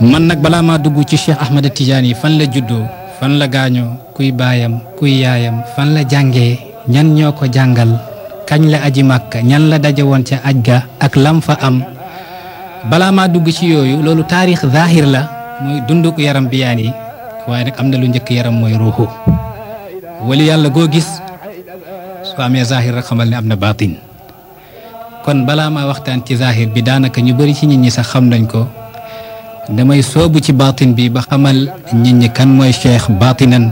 man nag balaa maa dugg ci Cheikh Ahmed Tidiane yi fan la juddoo fan la gaañoo kuy baayam kuy yaayam fan la jàngee ñan ñoo ko jàngal kañ la aji màkka ñan la daje woon ca aj ga ak lam fa am balaa maa dugg ci yooyu loolu taarix zaahir la muy dunduk yaram biyaan yi waaye nag am na lu njëkk yaram mooy ruuxu wali yàlla goo gis su amee zaahir rek xamal am na baatin kon bala ma waxtaan ci zahir bi daanaka ñu bari ci nit ñi sax xam nañ ko damay soobu ci batin bi ba xamal nit ñi kan mooy cheikh batinan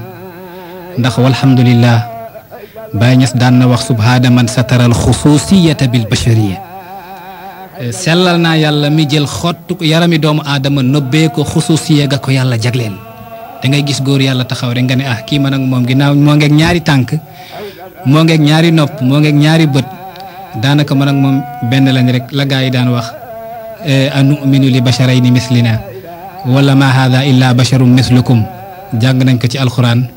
ndax walhamdulillah bay ñas daan na wax subhana man satara alxususiyata bilbashariya sellal naa yàlla mi jël xottu yarami doomu aadama nëbbee ko xususiya ga ko yàlla jagleel da ngay gis góor yàlla taxaw rek nga ne ah kii man ak moom ginnaaw moo ngeeg ñaari tànk moo ngeeg ñaari nopp moo ngeeg ñaari bët daanaka man ak moom benn lañ rek la gaa yi daan wax anu'minu li basharayni mislina wala ma hada illa basharum mislukum jàng nañ ko ci alxuraan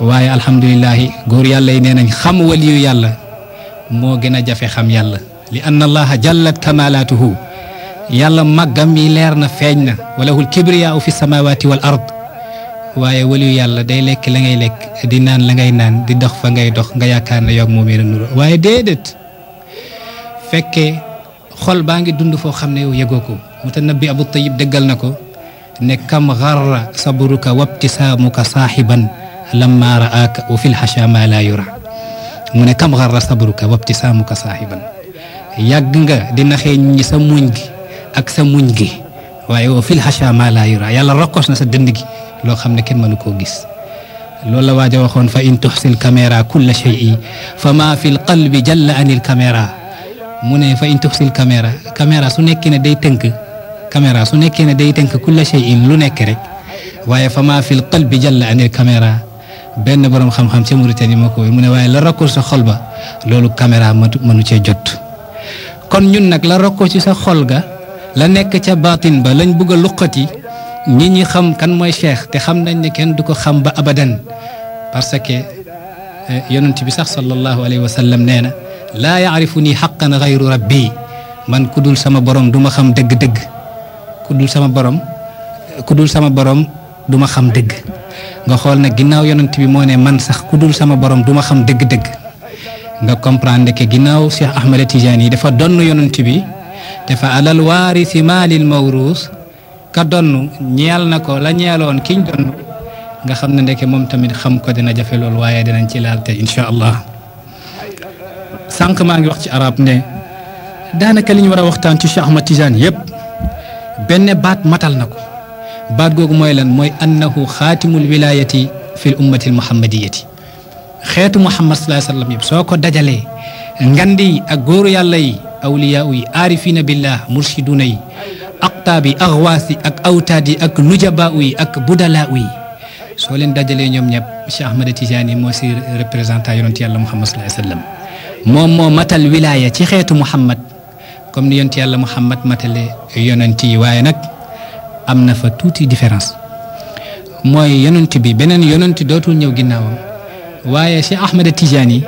waaye alhamdulilahi góor yàlla yi nee nañ xam waliyu yàlla moo gën a jafe xam yàlla li anna allaha jallat kamalaatuhu yàlla màggam yi leer na feeñ na walahul kibriyaau fi samawati wal ard waaye waliyu yàlla day lekk la ngay lekk di naan la ngay naan di dox fa ngay dox nga yaakaar ne yoog moomee na nuro waaye déedéet fekke xol baa ngi dund fo xamne yow yegoko ko mutanabbi abu tayyib déggal nako ne kam gharra sabruka wabtisamuka sahiban lamma raaka wa fil hashama la yura mune kam gharra sabruka wabtisamuka sahiban yag nga di naxé ñi sa muñ gi ak sa muñ gi waye wa fil hashama la yura yàlla rokkos na sa dënd gi lo xamne ne kenn mënu gis لولا واجه waaja فإن تحسن الكاميرا كل شيء فما في القلب جل عن الكاميرا mu ne fa in tuxsil caméra caméra su nekkee ne day tënk caméra su nekkee ne day tënk kulla shay'in lu nekk rek waaye fa maa fil qalbi jalla anil caméra benn borom xam-xam ca Mauritanie ma ko mu ne waaye la rakkoo sa xol ba loolu caméra mënu cee jot. kon ñun nag la rakkoo ci sa xol ga la nekk ca baatin ba lañ bugg a luqati nit ñi xam kan mooy cheikh te xam nañ ni kenn du ko xam ba abadan parce que eh, yonent bi sax sallallahu alayhi wa sallam nee na. laa yaarifu nii xaqan xayru rabbi man ku dul sama borom du ma xam dëgg-dëgg ku sama borom ku sama borom du ma xam dëgg nga xool na ginnaaw yonent bi moo ne man sax ku dul sama borom du ma xam dëgg-dëgg nga comprendre que ginnaaw Cheikh Ahmed Tidiane yi dafa donn yonent bi dafa alal waarisi maalil mawruus ka donn ñeel na ko la ñeeloon kiñ donn nga xam ne ndeke moom tamit xam ko dina jafe loolu waaye dinañ ci laal te incha allah. sank ma ngi wax ci arab ne danaka liñu wara war waxtaan ci Cheikh Ahmad Tijaan yeb ben bat matal nako bat baat moy lan moy annahu khatimul wilayati fil al muhammadiyati xeetu muhammad sallallahu alayhi wasallam yeb soko dajale ngandi ak goru yàlla yi awliya yi arifina billah murshiduna yi aqtabi aghwasi ak awtadi ak nujaba yi ak budala yi so len dajale ñom ñep Cheikh Ahmad Tijaan mo si représentant yonent yàlla muhammad sallallahu alayhi wasallam موم مو ماتال ولايه تي خيت محمد كوم ني يونت يالا محمد ماتال يونتي واي نك امنا فا توتي ديفيرانس موي يونتي بي بنين يونتي دوتو نيو غيناو واي سي احمد التجاني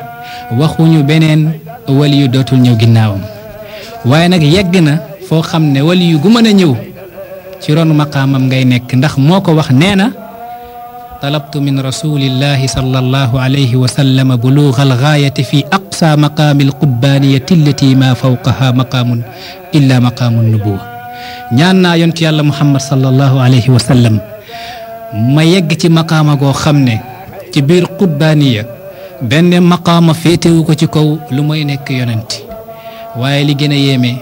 واخو نيو بنين ولي دوتو نيو غيناو واي نك يغنا فو خامني ولي غو مانا نيو تي رون مقامم غاي نيك نده موكو طلبت من رسول الله صلى الله عليه وسلم بلوغ الغايه في أق أقصى مقام القبانية التي ما فوقها مقام إلا مقام النبوة نعنا ينتي الله محمد صلى الله عليه وسلم ما يجي مقام غو خمنة كبير قبانية بين مقام فيته وكتكو لما ينك ينتي وإلي جنا يمي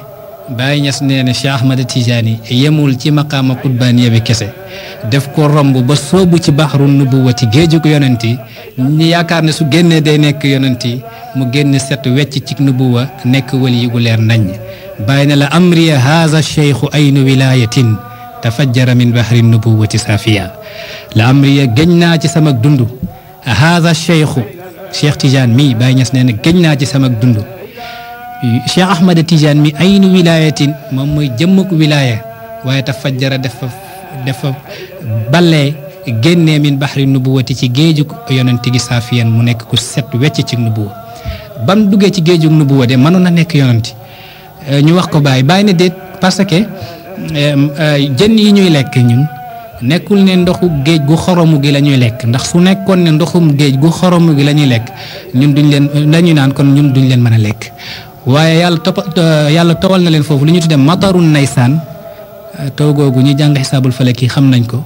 Baye Niass nee na Cheikh Ahmad Tidiane yemul ci maqaama qutbaaniya bi kese def ko romb ba soobu ci baxru nubuwati géeju ko yonenti ñu yaakaar ne su génnee day nekk yonenti mu génn set wecc ci wa nekk wali gu leer naññ bàyyi na la amriya haza cheikhu dafa wilayatin tafajjara min bahri nubuwati safiya la amriya géñ naa ci sama dund haza cheikhu Cheikh Tidiane mii Baye Niass nee na géñ naa ci samak dund Cheikh Ahmada Tidiane mi aynu wilaayatin moom mooy jëmmuk wilaaya waaye te fajjara dafa dafa balee génnee min baxri nubuwati ci géejug yonent gi saafiyan mu nekk ku set wecc ci nubuwa bam duggee ci géejug nubuwa de mënoon na nekk yonent euh, ñu wax ko bàyyi bàyyi ne déet parce que euh, euh, jën yi ñuy lekk ñun nekkul ne ndoxu géej gu xoromu gi lañuy lekk ndax su nekkoon ne ndoxum géej gu xoromu gi la ñuy lekk ñun duñ leen dañuy naan kon ñun duñ leen mën a lekk waaye yàlla topp yàlla tawal na leen foofu li ñu tuddee matarun naysaan taw googu ñu jàng xisaabul fale yi xam nañ ko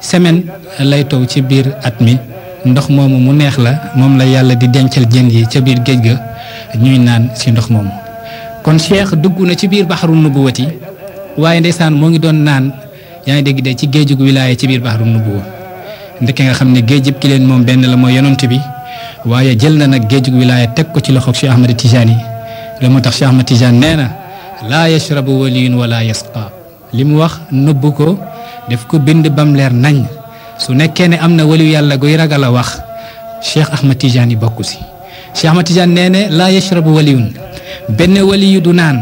semaine lay taw ci biir at mi ndox moomu mu neex la moom la yàlla di dencal jën yi ca biir géej ga ñuy naan si ndox moom kon cheikh dugg na ci biir baxaru nubuwati waaye ndeysaan moo ngi doon naan yaa ngi dégg de ci géejug wilaaya ci biir baxaru nubuwa ndeke nga xam ne géejub ki leen moom benn la mooy yonent bi waaye jël na nag géejug wilaaya teg ko ci loxoog Cheikh Ahmad Tijani la moo tax Cheikh Ahmad Tidiane nee na laa yashrabu waliyun wala yasqa li mu wax nëbb ko def ko bind bam leer nañ su nekkee ne am na waliyu yàlla guy ragal a wax Cheikh Ahmad Tidiane yi bokku si Cheikh Ahmad Tidiane nee ne laa yashrabu waliyun benn waliyu du naan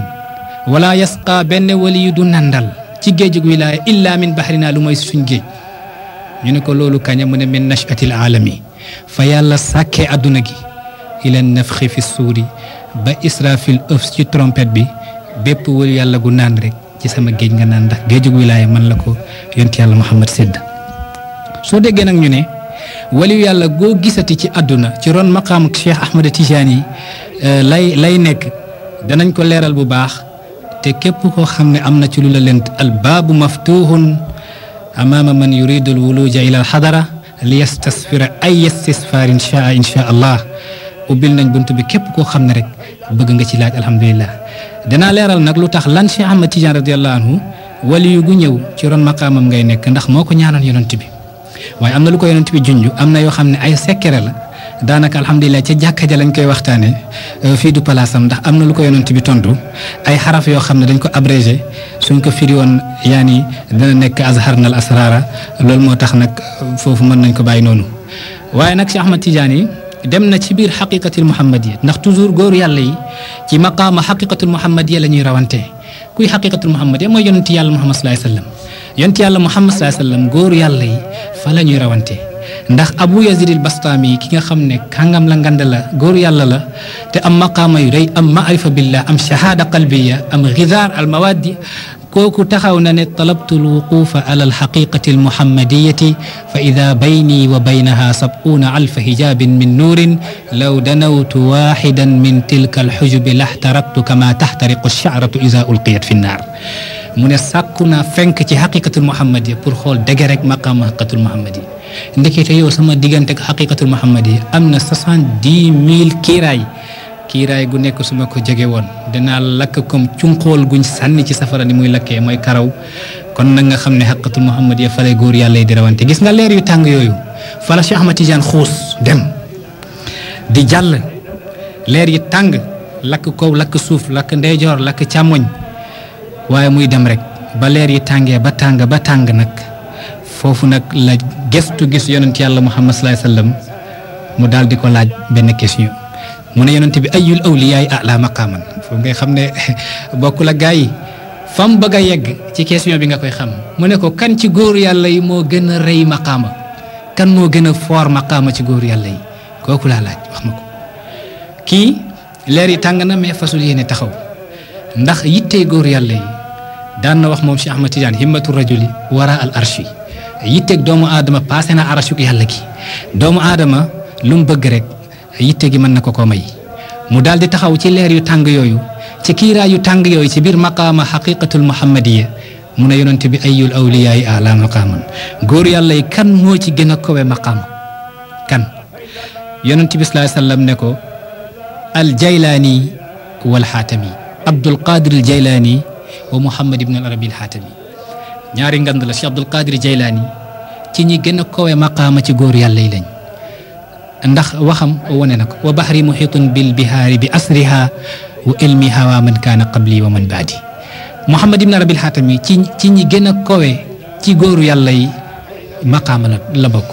wala yasqa benn waliyu du nandal ci géejug wilaaya illa min baxrina lu mooy suñ géej ñu ne ko loolu kaña mu ne min nashatil alami fa yàlla sàkkee àdduna gi ila nafxi fi suuri ba Israfil ëf ci trompette bi bépp wër yàlla gu naan rek ci sama géej nga naan ndax géejug wilaaya man la ko yont yàlla Muhammad sédd soo déggee nag ñu ne waliyu yàlla goo gisati ci àdduna ci ron maqaam Cheikh Ahmada Tijaani yi euh, lay lay nekk danañ ko leeral bu baax te képp ko xam ne am na ci lu la lent al baabu maftuhun amaama man yuridu al wuluja ila xadara li yastasfira ay istisfaar inshaa inshaa allah ubbil nañ bunt bi képp koo xam ne rek bëgg nga ci laaj alhamdulilah danaa leeral nag lu tax lan ci Ahmad Tidiane radiyallahu anhu waliyu gu ñëw ci ron maqaamam ngay nekk ndax moo ko ñaanoon yonent bi waaye am na lu ko yonent bi junj am na yoo xam ne ay sekkere la daanaka alhamdulilah ca jàkka ja lañ koy waxtaanee euh, fii du palaasam ndax am na lu ko yonent bi tontu ay xaraf yoo xam ne dañ ko abrégé suñ ko firi woon yaani dana nekk azharnal asrara loolu moo tax nag foofu mën nañ ko bàyyi noonu دمنا ci بير حقيقة المحمدية ناخ توجور غور يالله يي ci مقام حقيقة المحمدية لا ني راونتي كوي حقيقة المحمدية مو يونت يالله محمد صلى الله عليه وسلم يونت يالله محمد صلى الله عليه وسلم غور يالله يي فا لا ني راونتي ndax abu yazid al bastami ki nga xamne kangam la ngandal la gor yalla la te am maqama yu ray am ma'rifa billah am shahada qalbiya am ghizar al كوكو تخاو ناني طلبت الوقوف على الحقيقة المحمدية فإذا بيني وبينها سبقون ألف هجاب من نور لو دنوت واحدا من تلك الحجب لاحترقت كما تحترق الشعرة إذا ألقيت في النار من ساكونا فنك حقيقة المحمدية بور خول مقام حقيقة المحمدية ndekete yow sama digantek haqiqatul muhammadi amna 70000 kiray kiiraay gu nekk su ma ko jege woon dinaa lakk comme cunqool guñ sànni ci safara ni muy lakkee mooy karaw kon nag nga xam ne xaqatul muhammad ya fale góor yàlla yi di rawante gis nga leer yu tàng yooyu fala si Ahmad Tidiane xuus dem di jàll leer yi tàng lakk kow lakk suuf lakk ndeyjoor lakk càmmoñ waaye muy dem rek ba leer yi tàngee ba tàng ba tàng nag foofu nag la gestu gis yonent yàlla muhammad sallallahu alayhi wasallam mu daal ko laaj benn question mu ne yonent bi ayul awliyaay ala maqaaman foofu ngay xam ne bokkul ak gaa yi fam bëgg a yegg ci question bi nga koy xam mu ne ko kan ci góor yàlla yi moo gën a rëy maqaama kan moo gën a foor maqaama ci góor yàlla yi kooku laa laaj wax ma ko kii leer yi tàng na mais fasul yéene taxaw ndax yittee góor yàlla yi daan na wax moom Cheikh Ahmad Tidiane himmatu rajuli wara al arshi yitteeg doomu aadama passé na arashuk yàlla gi doomu aadama lu mu bëgg rek yitte gi mën na ko koo may mu daal di taxaw ci leer yu tàng yooyu ci kiiraa yu tàng yooyu ci biir maqaama xaqiqatul muhammadiya mu ne yonent bi ayul awliyaay ala maqaaman góor yàlla yi kan moo ci gën a kowe maqaam kan yonent bi salaa sallam ne ko al jaylaani wal xaatami abdul qadir al jaylaani wa muhammad ibn al arabi al xaatami ñaari ngand la si abdul jaylaani ci ñi gën a kowe maqaama ci góor yàlla yi lañ ndax waxam wone na ko wa bahri muhitun bil bihari bi asriha wa ilmi hawa man kana qabli wa man ba'di muhammad ibn rabil hatami ci ci ñi gëna kowe ci goru yàlla yi maqaama la la bok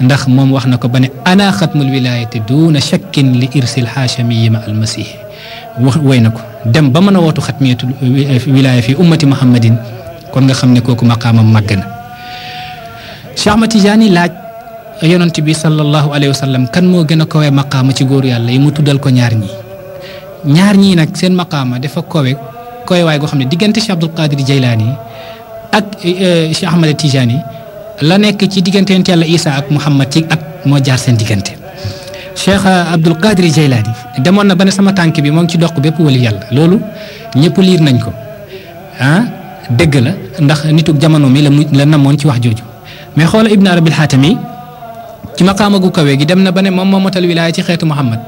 ndax mom wax na ko ba ana khatmul wilayati duna shakkin li irsil hashimi ma al masih way na ko dem ba mëna wotu wootu wilaya fi ummati muhammadin kon nga xamne koku kooku maqaamam màgg na cheikh matijani laaj yonent bi sallallahu alayhi wa kan moo gën a kawe maqaama ci góor yàlla yi mu tuddal ko ñaar ñi ñaar ñii nag seen maqaama dafa kawe kawe waay goo xam ne diggante Cheikh Abdul Qadir Jaylaani ak eh, Cheikh Ahmad Tijaani la nekk ci diggante yonent Isa ak Muhammad ci at moo jaar seen diggante. Cheikh eh, Abdul Qadir demoon na ba ne sama tànk bi moo ngi ci dox bépp wali yàlla loolu ñëpp liir nañ ko ah dëgg la ndax nituk jamono mi la mu la namoon ci wax jooju mais xoola Ibn Arabil Xaatami ci maqaama gu kawe gi dem na ba ne moom moo motal wilaaya ci xeetu muhammad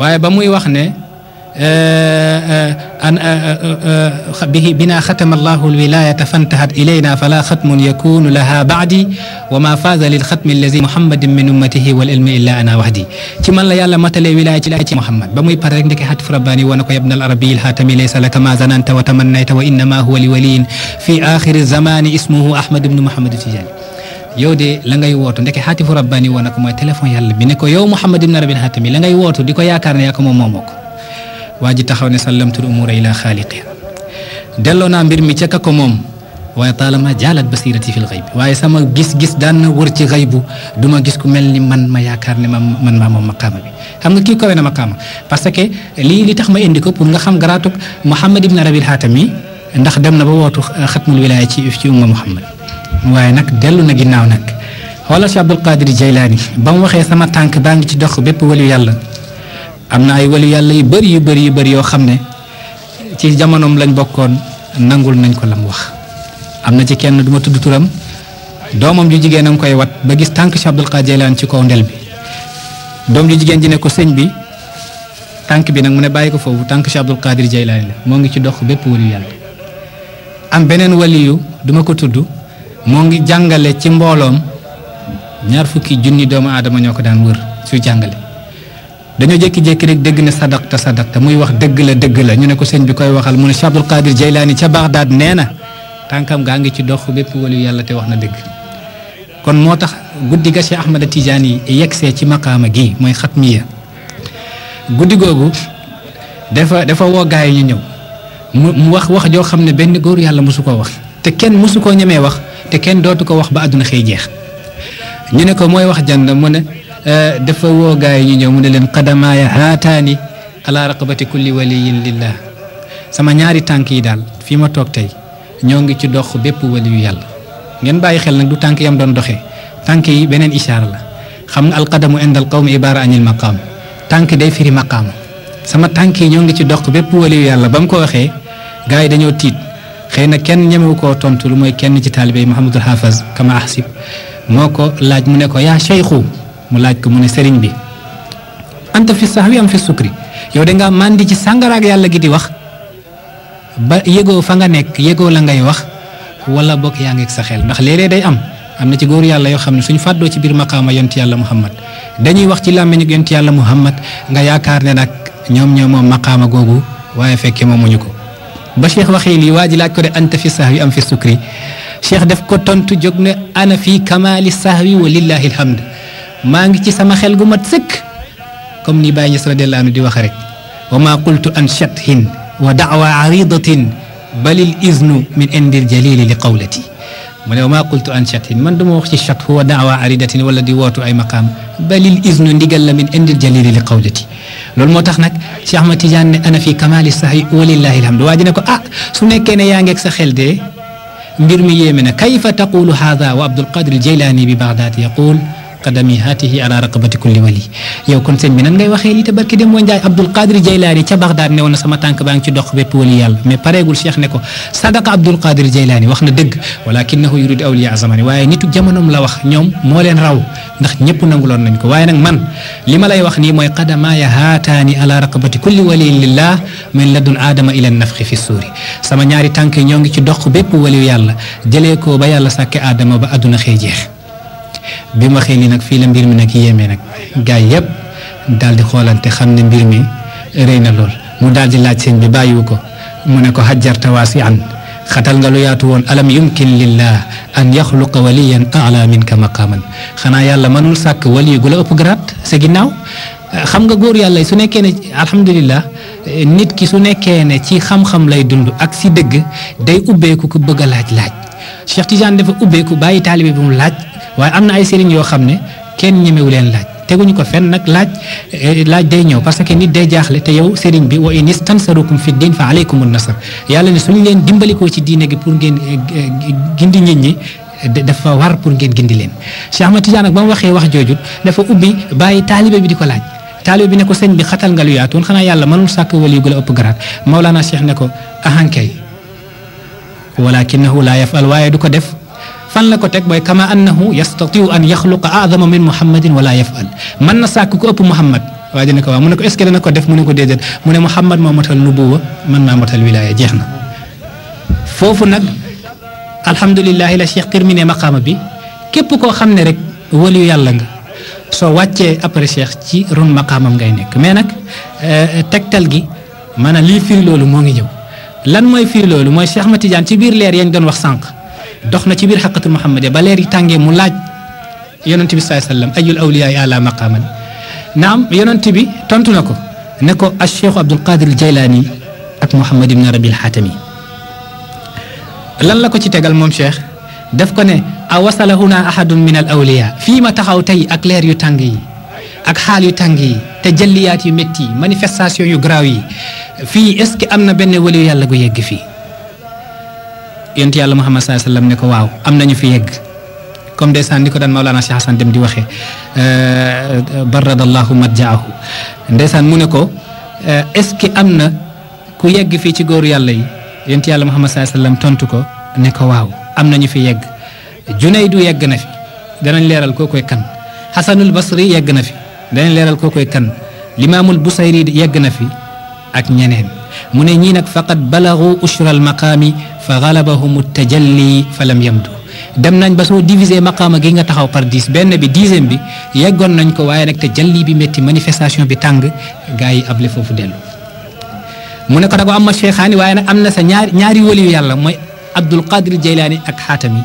waaye ba muy wax ne an bihi bina xatama allahu alwilayata fantahat ilayna fala xatmun yakunu laha baadi wa ma faaza lil xatmi allazi muhammadin min ummatihi wal ilmi illa ana wahdi ci man la yàlla matalee wilaaya ci laa ci muhammad ba muy pare rek ndeke xatif rabbaani woo na ko yabna al arabi al xaatami laysa laka ma zananta wa tamannayta wa innama huwa li waliyin fi axiri zamani ismuhu ahmad ibnu muhammad tijani yow de la ngay wootu ndeke xaatifu rabbani woo nag mooy téléphone yàlla bi ne ko yow muhammad ibn rabin xaatami la ngay wootu di ko yaakaar ne yaa ko moom moomoo ko waa ji taxaw ne sallamtul umura ila xaaliqi delloo naa mbir mi ca ka ko moom waaye taalama jaalat basirati fil xayb waaye sama gis-gis daan na wër ci xaybu du ma gis ku mel ni man ma yaakaar ne ma man maa moom maqaama bi xam nga kii kawe na maqaama parce que lii li tax ma indi ko pour nga xam garaatug muhammad ibn rabil xaatami ndax dem na ba wootu xatmul wilaya ci ci umma muhammad waaye nag dellu na ginnaaw nag xoolal si Abdul Qadir Jaylaani ba mu waxee sama tànk baa ngi ci dox bépp walu yàlla am na ay walu yàlla yu bëri yu bëri yu bëri yoo xam ne ci jamonoom lañ bokkoon nangul nañ ko lam wax am na ci kenn du ma tudd turam doomam ju jigéen a ngi koy wat ba gis tànk si Abdul Qadir Jaylaani ci kaw ndel bi doom ju jigéen ji ne ko sëñ bi tànk bi nag mu ne bàyyi ko foofu tànk si Abdul Qadir Jaylaani la moo ngi ci dox bépp walu yàlla am beneen waliyu duma ko tudd moo ngi jàngale ci mbooloom ñaar fukki junni doomu aadama ñoo ko daan wër suy jàngale dañoo jékki-jékki rek dégg ne sadaqta sadaqta muy wax dëgg la dëgg la ñu ne ko seen bi koy waxal mu ne Cheikh Abdul Qadir Jaylaani ca Baghdad nee na tànkam gaa ngi ci dox bépp waliyu yàlla te wax na dégg kon moo tax guddi ga Cheikh Ahmada Tijaani yi yegsee ci makaama gi mooy xat xatmiya guddi googu dafa dafa woo yi ñu ñëw mu wax wax joo xam ne benn góor yàlla mosu koo wax te kenn mësu koo ñemee wax te kenn dootu ko wax ba àdduna xëy jeex ñu ne ko mooy wax jànd mu ne euh, dafa woo gaay ñu ñëw mu ne leen qadamaaya haataani ala raqabati kulli waliyin lillah sama ñaari tànk yi daal fii ma toog tey ñoo ngi ci dox bépp waliyu yàlla ngeen bàyyi xel nag du tànk yam doon doxee tànk yi beneen ishaara la xam nga alqadamu indal alqawmi ibaara anil maqaam tànk day firi maqaam sama tànk yi ñoo ngi ci dox bépp waliyu yàlla ba mu ko waxee gaay tiit xëy na kenn ñemewu koo tontu lu mooy kenn ci taalibe yi Mahamadul Haafaz kama ahsib moo ko laaj mu ne ko yaa cheikhu mu laaj ko mu ne sëriñ bi anta fi sahwi am fi sukri yow da ngaa màndi ci sàngaraag yàlla gi di wax ba yëgoo fa nga nekk yëgoo la ngay wax walla bokk yaa ngi ak sa xel ndax léeg day am am na ci góor yàlla yoo xam ne suñu fàddoo ci biir maqaama yont yàlla muhammad dañuy wax ci làmmiñu yont yàlla muhammad nga yaakaar ne nag ñoom ñoo moom maqaama googu waaye fekkee moomuñu ko ba cheikh waxee lii waa ji laaj ko ne anta fi sahwi am fi sukri cheikh def ko tontu jóg ne ana fi kamali sahwi wa lillahi maa ngi ci sama xel gu mat sëkk comme ni Baye Niass radiyallahu anhu di wax rek wa ma qultu an shathin wa da'wa aridatin balil iznu min indil jalili li qawlati من ما قلت أن شك من دم وقت هو دعوة عريضة ولا ديوات أي مقام بل الإذن لقل من عند الجليل لقولتي لول شيخ متجان انا في كمال الصحي ولله الحمد وادي نكو اه سوني كان يانغك سخيل دي مبير كيف تقول هذا وعبد القادر الجيلاني ببغداد يقول qadamihatihi ala raqabati kulli wali yow kon sëñ bi nan ngay waxee lii te barki dem moo njaay Abdul Qadir Jaylaani ca Bagdaad ne woon na sama tànk baa ngi ci dox bépp wali yàlla mais pareegul Cheikh ne waaye nitu jamonoom la wax ñoom moo leen raw ndax ñëpp nanguloon nañ ko waaye nag man li ma lay wax nii mooy qadamaaya haataani ala raqabati kulli waliyin lillah min ladun aadama ila nafxi fi suuri sama ñaari tànk ñoo ngi ci dox bépp waliyu yàlla jëlee ko ba yàlla sàkke aadama ba àdduna xëy bi ma xëy nag fii la mbir mi nag yéeme nag gars yëpp daal di xoolante xam ne mbir mi rëy na lool mu daal di laaj sëñ bi bàyyiwu ko mu ne ko xajjarta waasi an xatal nga lu yaatu woon alam yumkin lillah an yaxluqa waliyan ala minka maqaman xanaa yàlla mënul sàkk wali gu la ëpp garaat sa ginnaaw xam nga góor yàlla su nekkee ne alhamdulilah nit ki su nekkee ne ci xam-xam lay dund ak si dëgg day ubbeeku ku bëgg a laaj laaj Cheikh Tidiane dafa ubbeeku bàyyi taalibe bi mu laaj waaye am na ay sëriñ yoo xam ne kenn ñemewu leen laaj teguñu ko fenn nag laaj eh, laaj day ñëw parce que nit day jaaxle te yow sëriñ bi wa in istansarukum fi diin fa aleykum nasar yàlla ne suñu leen dimbalikoo ci diine gi pour ngeen eh, gindi nit ñi dafa war pour ngeen gindi leen Cheikh ma Tidiane nag ba mu waxee wax jooju dafa ubbi bàyyi taalibe bi di ko laaj. taalibe bi ne ko sëñ bi xatal nga lu yaatuwoon xanaa yàlla mënul sàkk waliyu gu la ëpp garaat Maulana Cheikh ne ko ahankay walakinahu laa yafal waaye du ko def fan la ko teg mooy kama annahu yastatiu an yaxluqa aadama min muhammadin wala yafal mën na sàkk ko ëpp muhammad waa ji ko waaw mu ne ko est ce que dana ko def mu ko déedéet mu ne muhammad moo matal nubuwa man na matal wilaaya jeex na foofu nag alhamdulilahi la Cheikh terminé maqaama bi képp koo xam ne rek waliyu yàlla nga soo wàccee après cheikh ci ron maqaamam ngay nekk mais nag euh, tegtal gi maanaam lii firi loolu moo ngi ñëw lan mooy firi loolu mooy Cheikh Ahmad Tidiane ci biir leer yañ doon wax sànq dox na ci biir xaqatul muhammadiya ba leer yi tàngee mu laaj yonent bi saai sallam ayul awliyaay ala maqaaman naam yonent bi tontu na ko ne ko al cheikh Abdul Qadir Jaylaani ak Muhammad ibn Rabil Xaatami lan la ko ci tegal moom cheikh def ko ne a wasala huna ahadun min al awliya fii ma taxaw tey ak leer yu tàng yi ak xaal yu tàng yi te jëlliyaat yu métti yi manifestation yu garaaw yi fii est ce que am na benn waliyu yàlla gu yegg fii yonent yàlla Muhammad saa sallam ne ko waaw am nañu fi yegg comme ndeysaan ni ko daan Maolana Cheikh Hassan dem di waxee baradallahu madjaahu ndeysaan mu ne ko est ce que am na ku yegg fii ci góoru yàlla yi yonent yàlla Muhammad saa sallam tontu ko ne ko waaw am nañu fi yegg junaydu yegg na fi danañ leeral koo koy kan xasanul basri yegg na fi danañ leeral koo koy kan limaamul busayri yegg na fi ak ñeneen mu ne ñii nag faqad balagu ushra al maqaami fa galabahum tajalli fa lam yamdu dem nañ ba soo diviser maqaama gi nga taxaw par dix benn bi dixième bi yeggoon nañ ko waaye nag te jalli bi métti manifestation bi tàng gars yi able foofu dellu mu ne ko dago am ma cheikhaani waaye nag am na sa ñaari ñaari waliyu yàlla mooy abdul qadir jaylaani ak xaatami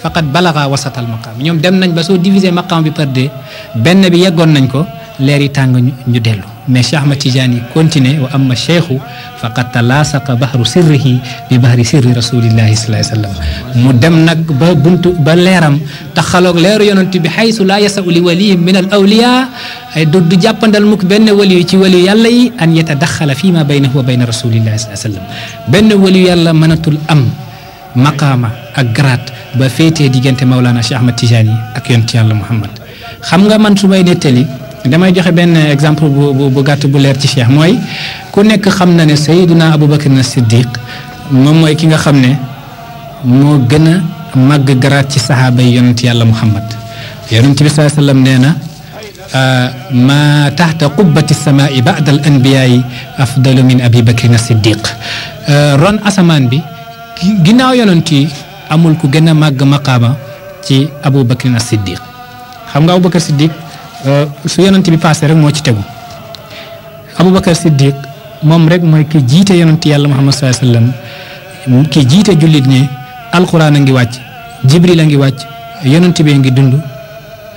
faqat balaga wasatal maqaam ñoom dem nañ ba soo diviser maqaam bi par deux bi yeggoon nañ ko leer yi tàng ñu dellu mais Cheikh Ahmad Tidiane yi continué wa amma cheikhu faqad talaasaqa bahru sirrihi bi bahri sirri rasulillahi sallallahu alayhi wa sallam mu dem nag ba buntu ba leeram taxaloog leeru yonent bi xaysu la yasau li waliyin min al ay du du jàppandal mukk benn waliyu ci waliyu yàlla yi an yetadaxala fi ma baynahu wa bayna rasulillahi sallallahu alayhi waliyu yàlla mënatul am maqaama ak garaat ba féetee diggante Maulana Cheikh Ahmad Tijani ak yonent yàlla Muhammad xam nga man su may nettali damay joxe benn exemple bu bu gàtt bu leer ci Cheikh mooy ku nekk xam na ne Sayyiduna Abubakar na Siddiq moom mooy ki nga xam ne moo gën a màgg garaat ci saxaaba yi yonent yàlla Muhammad yonent bi sallallahu alayhi wa sallam nee na ما تحت قبة السماء بعد الأنبياء أفضل من أبي بكر الصديق ران أسمان بي ginnaaw yonent yi amul ku gën a màgg maqaama ci Abu Bakrin as Siddiq xam nga Abu Bakr Siddiq euh, su yonent bi passé rek moo ci tegu Abu Bakr Siddiq moom rek mooy ki jiite yonent yàlla Muhammad sallallahu alayhi wasallam ki jiite jullit ñi alquran a ngi wàcc jibril a ngi wàcc yonent bee ngi dund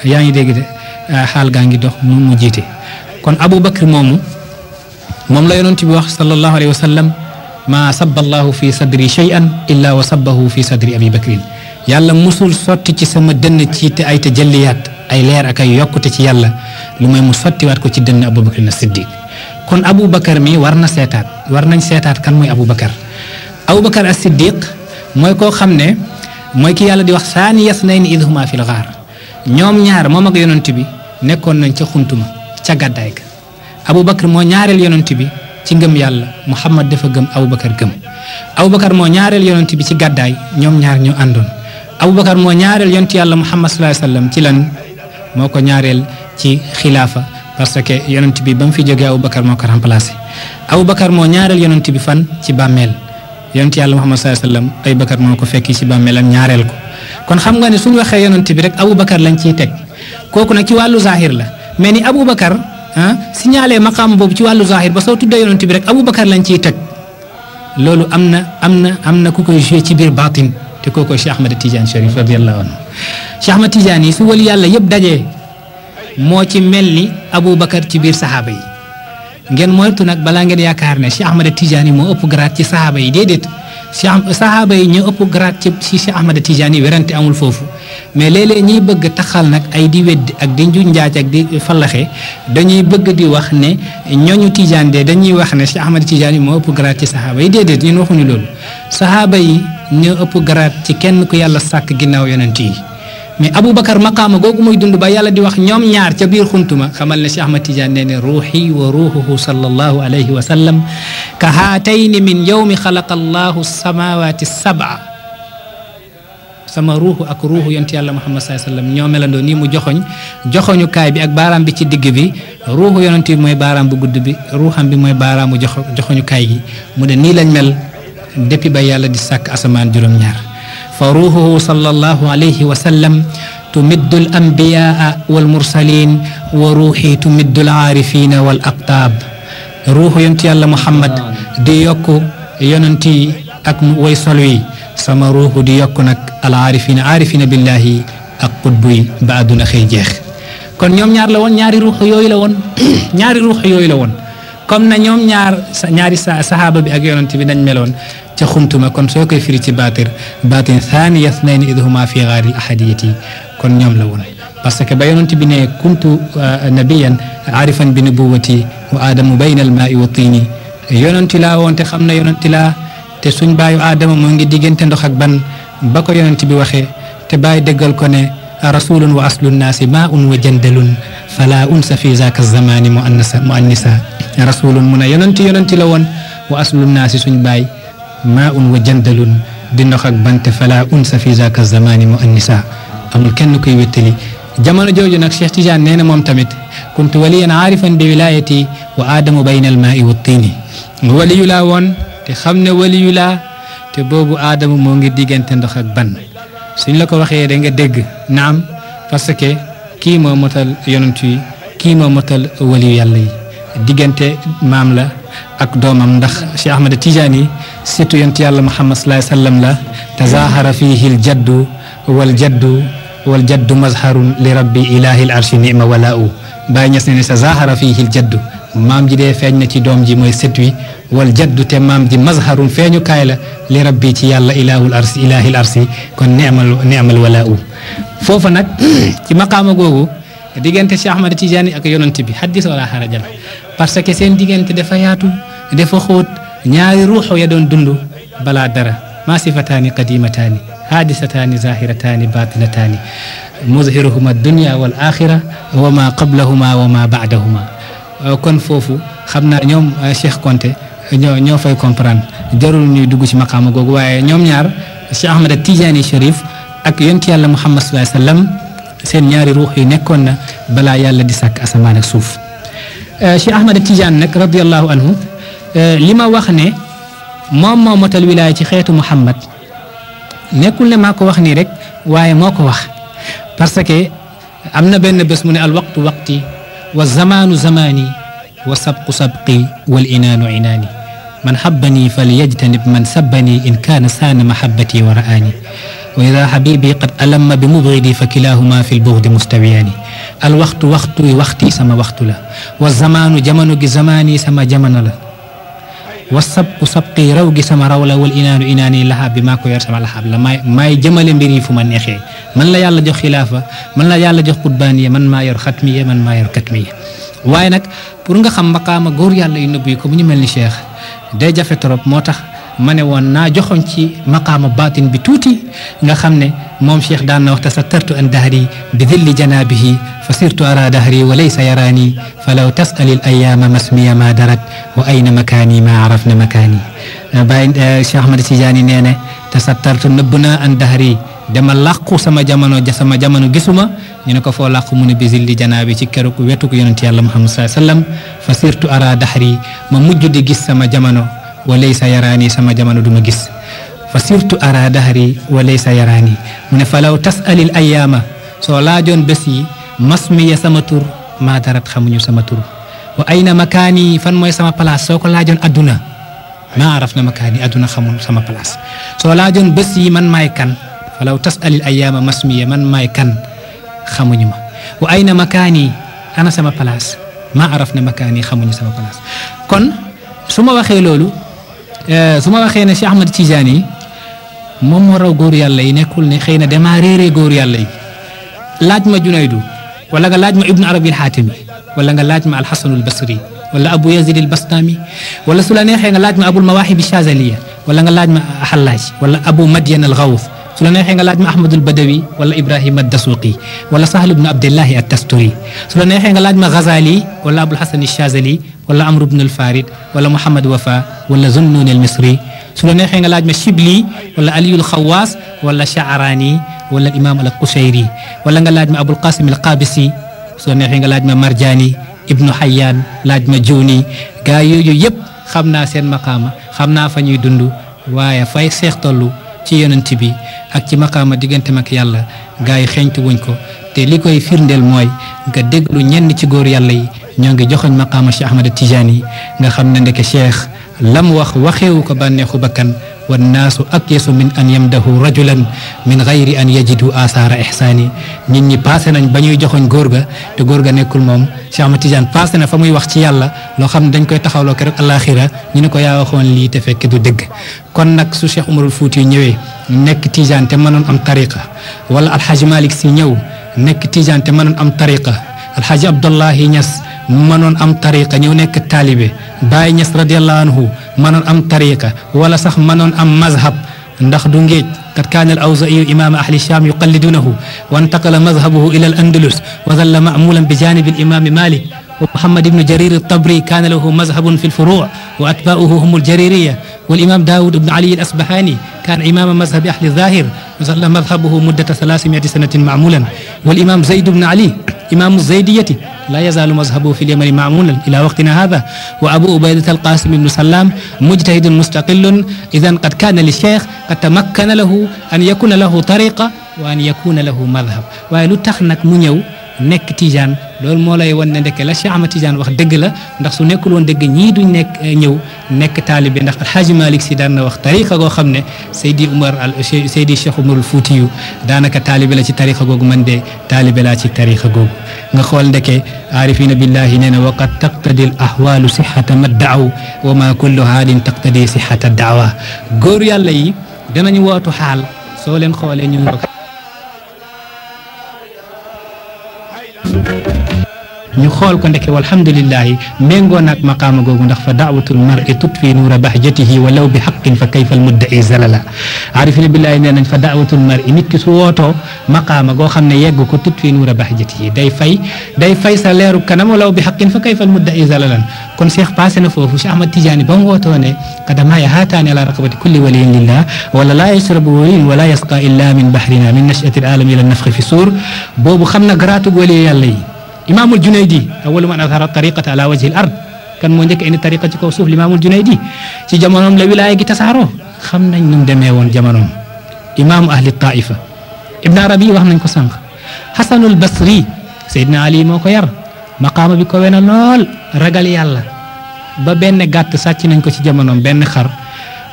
yaa ngi dégg de euh, xaal gaa ngi dox mu mu jiite kon Abu moomu moom la yonent bi wax sallallahu alayhi wasallam maa saba allahu fi sadri shay'an illaa wa sabahu fi sadri abi bakrin yàlla musul sotti ci sama dënn ci te ay tajalliyaat ay leer ak ay yokkute ci yàlla lu may mu sottiwaat ko ci dënn abu bakrin as kon abu bakar mi war na seetaat war nañ seetaat kan mooy abu bakar abu bakar as-siddiq mooy koo xam ne mooy kii yàlla di wax saani yasnayni idh huma fil ghaar ñoom ñaar moom ak yonent bi nekkoon nañ ca xuntuma ca gàddaay ga abu moo ci ngëm yàlla Muhammad dafa gëm Aboubacar gëm Aboubacar moo ñaareel yonent bi ci gàddaay ñoom ñaar ñu àndoon Aboubacar moo ñaareel yonent yàlla Muhammad sallallahu alayhi wasallam ci lan moo ko ñaareel ci xilaafa parce que yonent bi ba fi jógee Aboubacar moo ko remplacé Aboubacar moo ñaareel yonent fan ci bàmmeel yonent yàlla Muhammad sallallahu alayhi wasallam Aboubacar moo ko fekki ci bàmmeelam ñaareel ko kon xam nga ne suñu waxee yonent bi rek Aboubacar lañ ciy teg kooku nag ci wàllu zahir la mais ni Aboubacar ah signalé maqaam boobu ci wàllu zahir ba soo tuddee yonent bi rek Aboubacar lañ ciy teg loolu am na am na am na ku koy joué ci biir baatin te kookoo Cheikh Ahmed Tidiane Cherif radiyallahu anhu Cheikh Ahmed Tidiane yi su wali yàlla yëpp dajee moo ci mel ni Aboubacar ci biir saxaaba yi ngeen moytu nag balaa ngeen yaakaar ne Cheikh Ahmed Tidiane yi moo ëpp garaat ci saxaaba yi déedéet. Cheikh saxaaba yi ñu ëpp grade ci si Cheikh Ahmada Tidiane yi werante amul foofu mais léeg-léeg ñiy bëgg taxal nag ay di weddi ak di nju njaaj ak di fallaxe dañuy bëgg di wax ne ñooñu Tidiane de dañuy wax ne Cheikh Ahmada Tidiane yi moo ëpp grade ci saxaaba yi ñu ñun waxuñu loolu saxaaba yi ñoo ëpp grade ci kenn ku yàlla sàkk ginnaaw yonent yi mais Aboubacar makaama googu muy dund ba yàlla di wax ñoom ñaar ca biir xuntuma xamal ne Cheikh Ahmad Tidiane nee ne ruuxi wa ruuxuhu sallallahu alayhi wa sallam ka haatayni min yowmi xalaqa allahu samawaati sab'a sama ruuxu ak ruuxu yonti yàlla Muhammad sallallahu alayhi sallam ñoo melandoo nii mu joxoñ joxoñu kaay bi ak baaraam bi ci digg bi ruuxu yonent mooy baaraam bu gudd bi ruuxam bi mooy baaraamu joxoñu kaay gi mu ne nii lañ mel depuis ba yàlla di sàkk asamaan juróom-ñaar فروحه صلى الله عليه وسلم تمد الأنبياء والمرسلين وروحي تمد العارفين والأقطاب روح ينتي الله محمد ديوكو ينتي أكم ويصلوي سما روح ديوكنك العارفين عارفين بالله أقبوي بعد نخيجيخ كن يوم نيار لون نياري روح يوي لون نياري روح يوي لون comme na ñoom ñaar ñaari sahaaba bi ak yonent bi nañ meloon ca xuntuma kon soo koy firi ci baatir baatin thani yasnayni idhuma fi gaari ahadiyati kon ñoom la woon parce que ba yonent bi ne kuntu nabiyan arifan bi nubuwati wa aadamu bayna almaai wa tiini yonent laa woon te xam na yonent laa te suñ baayu aadama moo ngi diggante ndox ak ban ba ko yonent bi waxee te bàyyi déggal ko ne rasulun wa aslu nnaasi maaun wa jandalun fala unsa fi zaaka zamani muannisa rasulun mu ne yonanti yonanti la woon wa aslu naasi suñ baay maa un wa jandalun di ndox ak bante fala un sa fi zaka zamani mu annisa amul kenn koy wéttali jamono jooju nag Cheikh Tidiane nee na moom tamit kuntu waliyan aarifan bi wilayati wa aadamu bayna al maai wa tiini waliyu laa woon te xam ne waliyu laa te boobu aadama moo ngi diggante ndox ak ban suñ la ko waxee da nga dégg naam parce que kii moo motal yonent kii moo motal waliyu yàlla yi diggante maam la ak doomam ndax Cheikh Ahmed Tidiane surtout yonent yàlla Muhammad sallallahu alayhi wasallam la tazahara fihi al jaddu wal jaddu wal jaddu mazharun li rabbi ilahi al arshi nima wala'u Baye Niass ne ne tazahara fihi al jaddu maam ji de feeñ na ci doom ji mooy sët wal jaddu te maam ji mazharun feeñu kaay la li rabbi ci yàlla ilahul arsi ilahil arsi kon ni'mal ni'mal wala'u foofa nag ci maqaama googu diggante Cheikh Ahmed Tidiane ak yonent bi haddis wala parce que seen diggante dafa yaatu dafa xóot ñaari ruuxu ya doon dund balaa dara maasifataani qadimataani haadisataani zahirataani batinataani muzhiruhuma dunia wal axira qablahuma wa ma euh, kon foofu xam naa ñoom euh, Cheikh Konté ñoo ñoo fay comprendre jarul ñuy dugg ci maqaama googu waaye ñoom ñaar Cheikh Ahmed Tidiane Chérif ak yonent yàlla Muhammad sallallahu alayhi wa sallam seen ñaari ruux yi nekkoon na balaa yàlla di sàkk asamaan ak suuf cheikh ahmad tidiane nag radiallahu anhu li ma wax ne moom moo motal wilaaya ci xeetu muhammad nekkul ne maa ko wax nii rek waaye moo ko wax parce que am na benn bés mu ne al waqtu waqti wa zamaanu zamaani wa sabqu sabqi wal inaanu inaani man habbani falyajtanib man sabbani in kaana saana mahabbati wa ra'aani وإذا حبيبي قد ألم بمبغدي فكلاهما في البغد مستويان الوقت وقت وقتي سما وقت له والزمان جمن زماني سما جمن له والسبق سبقي روغي سما رولا والإنان إناني لها بما كو يرسم على حبل ما ما جمل مبيري فما نخي من لا يالله جو خلافة من لا يالله جو قربانية من ما ير ختمية من ما ير كتمية واي نك pour خم مقام غور يالله yàlla ني ملني شيخ comme ñu mel ni ma ne woon naa joxoon ci maqaama baatin bi tuuti nga xam ne moom cheikh daan na wax tasattartu an dahri bi dilli janaabihi fa sirtu ara dahri wa laysa yaraani falaw tasali l ayaama masmiya ma darat wa ayna makaani ma arafna makaani bàyyi eh, cheikh ahmad tijaani nee ne tasattartu nëbb naa an dahri dama làqu sama jamono ja sama jamono gisuma ñu ne ko foo làqu mu ne bi zilli janaa bi ci keruk wetuk yonent yàlla muhammad sallallahu alayhi wa sallam fa sirtu ara dahri ma mujj di gis sama jamono وليس يراني سما جمانو دوما غيس فسرت ارى دهري وليس يراني من فلو تسال الايام سو لاجون بسي مسمي سماتور ما درت خمنو سماتور واين مكاني فان موي سما بلاص سوكو لاجون ادونا ما عرفنا مكاني ادونا خمون سما بلاص سو لاجون بسي من ما يكن فلو تسال الايام مسمي من ما يكن خمنو ما واين مكاني انا سما بلاص ما عرفنا مكاني خموني سما بلاص كن suma waxee لولو su ma waxee ne Cheikh Ahmad Tidiane yi moom moo raw góor yàlla yi nekkul ne xëy na damaa réeree góor yàlla yi laaj ma Junaydu wala nga laaj ma Ibnu Arabi al-Xaatimi wala nga laaj ma Alxasanul Basri wala Abu Yazid al-Bastami wala su la neexee nga laaj ma Abul Mawaaxib al-Shazaliya wala nga laaj ma Xallaaj wala Abu Madyan al-Xawth su la neexee nga laaj ma ahmadul badawi wala ibrahima dasuqi wala sahal ibnu abdillahi at tasturi su la neexee nga laaj ma ghazali wala abul hasan shazali wala amr ibn al farid wala muhammad wafa wala zunnun al misri su la neexee nga laaj ma shibli wala aliyul xawaas wala shaarani wala imam al qusayri wala nga laaj ma abul qasim al qabisi su la neexee nga laaj ma marjani ibnu hayyan laaj ma juni gaa yooyu yëpp xam naa seen maqaama xam naa fa ñuy dund waaye fay seex tollu ci yonent bi ak ci maqaama diggante ak yàlla gaa yi xeeñtu ko te li koy firndeel mooy nga déglu ñenn ci góor yàlla yi ñoo ngi joxoñ maqaama Cheikh Ahmad yi nga xam ne ndeke Cheikh lam wax waxeewu ko bànneexu bakkan والناس اكيس من ان يمده رجلا من غير ان يجد اثار احساني نين ني باسي نان با نيو جوخون غورغا تي غورغا نيكول موم شيخ احمد تيجان باسي نا فاموي واخ سي يالا لو خام دنج كوي تاخاولو كير الاخره ني نكو يا واخون لي تي دو دغ كون ناك سو شيخ عمر الفوتي نيوي نيك تيجان تي مانون ام طريقه ولا الحاج مالك سي نيو نيك تيجان تي مانون ام طريقه الحاج عبد الله نيس منون ام طريقه يونيك نيك طالبه باي نيس رضي الله عنه منون ام طريقه ولا صح منون ام مذهب ندخ دونجيت قد كان الاوزعي امام اهل الشام يقلدونه وانتقل مذهبه الى الاندلس وظل مامولا بجانب الامام مالك ومحمد بن جرير الطبري كان له مذهب في الفروع وأتباؤه هم الجريرية والإمام داود بن علي الأسبهاني كان إمام مذهب أهل الظاهر ظل مذهبه مدة 300 سنة معمولا والإمام زيد بن علي إمام الزيدية لا يزال مذهبه في اليمن معمولا إلى وقتنا هذا وأبو عبيدة القاسم بن سلام مجتهد مستقل إذا قد كان للشيخ قد تمكن له أن يكون له طريقة وأن يكون له مذهب وأن تخنك منيو nek tidiane lol mo lay wan ne la Cheikh Ahmad tidiane wax deug la ndax su nekul won deug ñi duñ nek ñëw nek taalibe ndax alxaaji Malik si daan wax tariqa go xamne ne Seydi Umar al Seydi Cheikh Umar al futi daanaka taalibe la ci tariqa gog man de taalibe la ci tariqa gog nga xol ndeke aarifina billahi nena na waqad taqtadi al ahwaalu sixata ma da'u wa ma kullu halin taqtadi sixata da'wa gor yàlla yi danañ wotu hal so len xole ñu Música ñu xool ko ndeke walhamdulillahi méngoo naag maqaama googu ndax fa daawatul mar'i tutfi nuura bahjatihi walaw bi haqqin fa kayfa almudda'i zalala aarifina billahi nee nañ fa daawatul mar'i nit ki su wootoo maqaama goo xam ne yegg ko tutfi nuura bahjatihi day fay day fay sa leeru kanam walaw bi haqqin fa kayfa almudda'i zalalan kon Cheikh passé na foofu Cheikh Ahmad Tidiane ba mu wootoo ne qadamaaya haataani ala raqabati kulli waliyin lillah wala laa yashrabu waliyun wala yasqa illa min bahrina min nachati alalami ila nafxi fi suur boobu xam na garaatu wali yàlla yi إمام الجنيدي أول من أظهر الطريقة على وجه الأرض كان مونجك إن الطريقة كوسوف الإمام الجنيدي في جمانهم لولاية تسعره خمنا نندمي ون جمانهم إمام أهل الطائفة ابن عربي وهم كسانخ حسن البصري سيدنا علي موكير مقام بكوين النول رجل يالله ba benn gàtt sàcc nañ ko ci jamonoom benn xar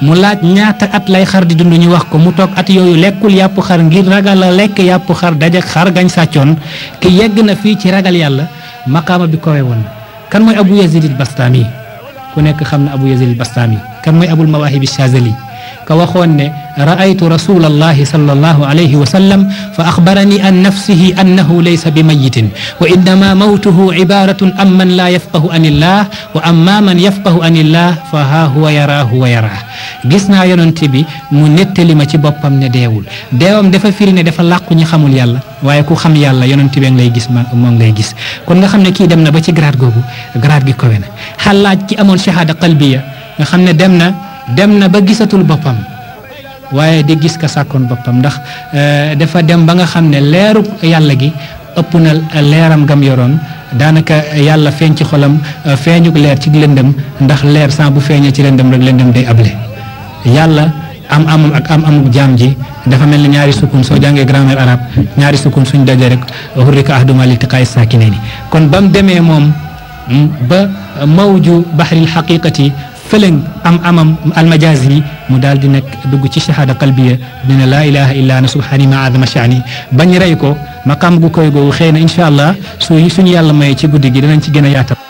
mu laaj ñaata at lay xar di dund ñu wax ko mu toog at yooyu lekkul yàpp xar ngir ragal a lekk yàpp xar dajak xar gañ sàccoon ki yegg na fii ci ragal yàlla maqaama bi kowe woon kan mooy abu yazid al bastaami ku nekk xam na abu yazid al bastaami kan mooy abul mawaahibi shazali ka waxoon ne raaytu rasul allahi sallallahu alayhi wa sallam fa axbarani an nafsihi annahu laysa bi mayitin wa innama mawtuhu cibaratun an man laa yafqahu an illah wa amma man yafqahu an illah fa haa huwa yaraahu wa yaraa gis naa yonent bi mu nettali ma ci boppam ne deewul deewam dafa firi ne dafa làqu ñi xamul yàlla waaye ku xam yàlla yonent bi lay gis ma moom ngay gis kon nga xam ne kii dem na ba ci grade googu grade gi kowe na xalaaj ki amoon shahada qalbiya nga xam ne dem na ba gisatul boppam waaye di gis ka sàkkoon boppam ndax eh, dafa dem ba nga xam ne leeru yàlla gi ëpp na leeram gam yoroon daanaka yàlla feeñ ci xolam eh, feeñuk leer ci lëndëm ndax leer sans bu feeñee ci lëndëm rek lëndëm day able yàlla am amum ak am amuk jaam ji dafa mel ni ñaari sukun soo jàngee grammaire arab ñaari sukun suñ daje rek hurrika ahduma li tiqaay sakineni kon bam demee moom hmm, ba mawju bahril haqiqati fëlëng am amam almajaas yi mu daal di nekk dugg ci shahada qalbiya dina laa ilaha illa ana subhaani ma azama shaani bañ rey ko maqaam gu koy googu xëy na incha allah su suñu yàlla maye ci guddi gi danañ ci gën a yaatal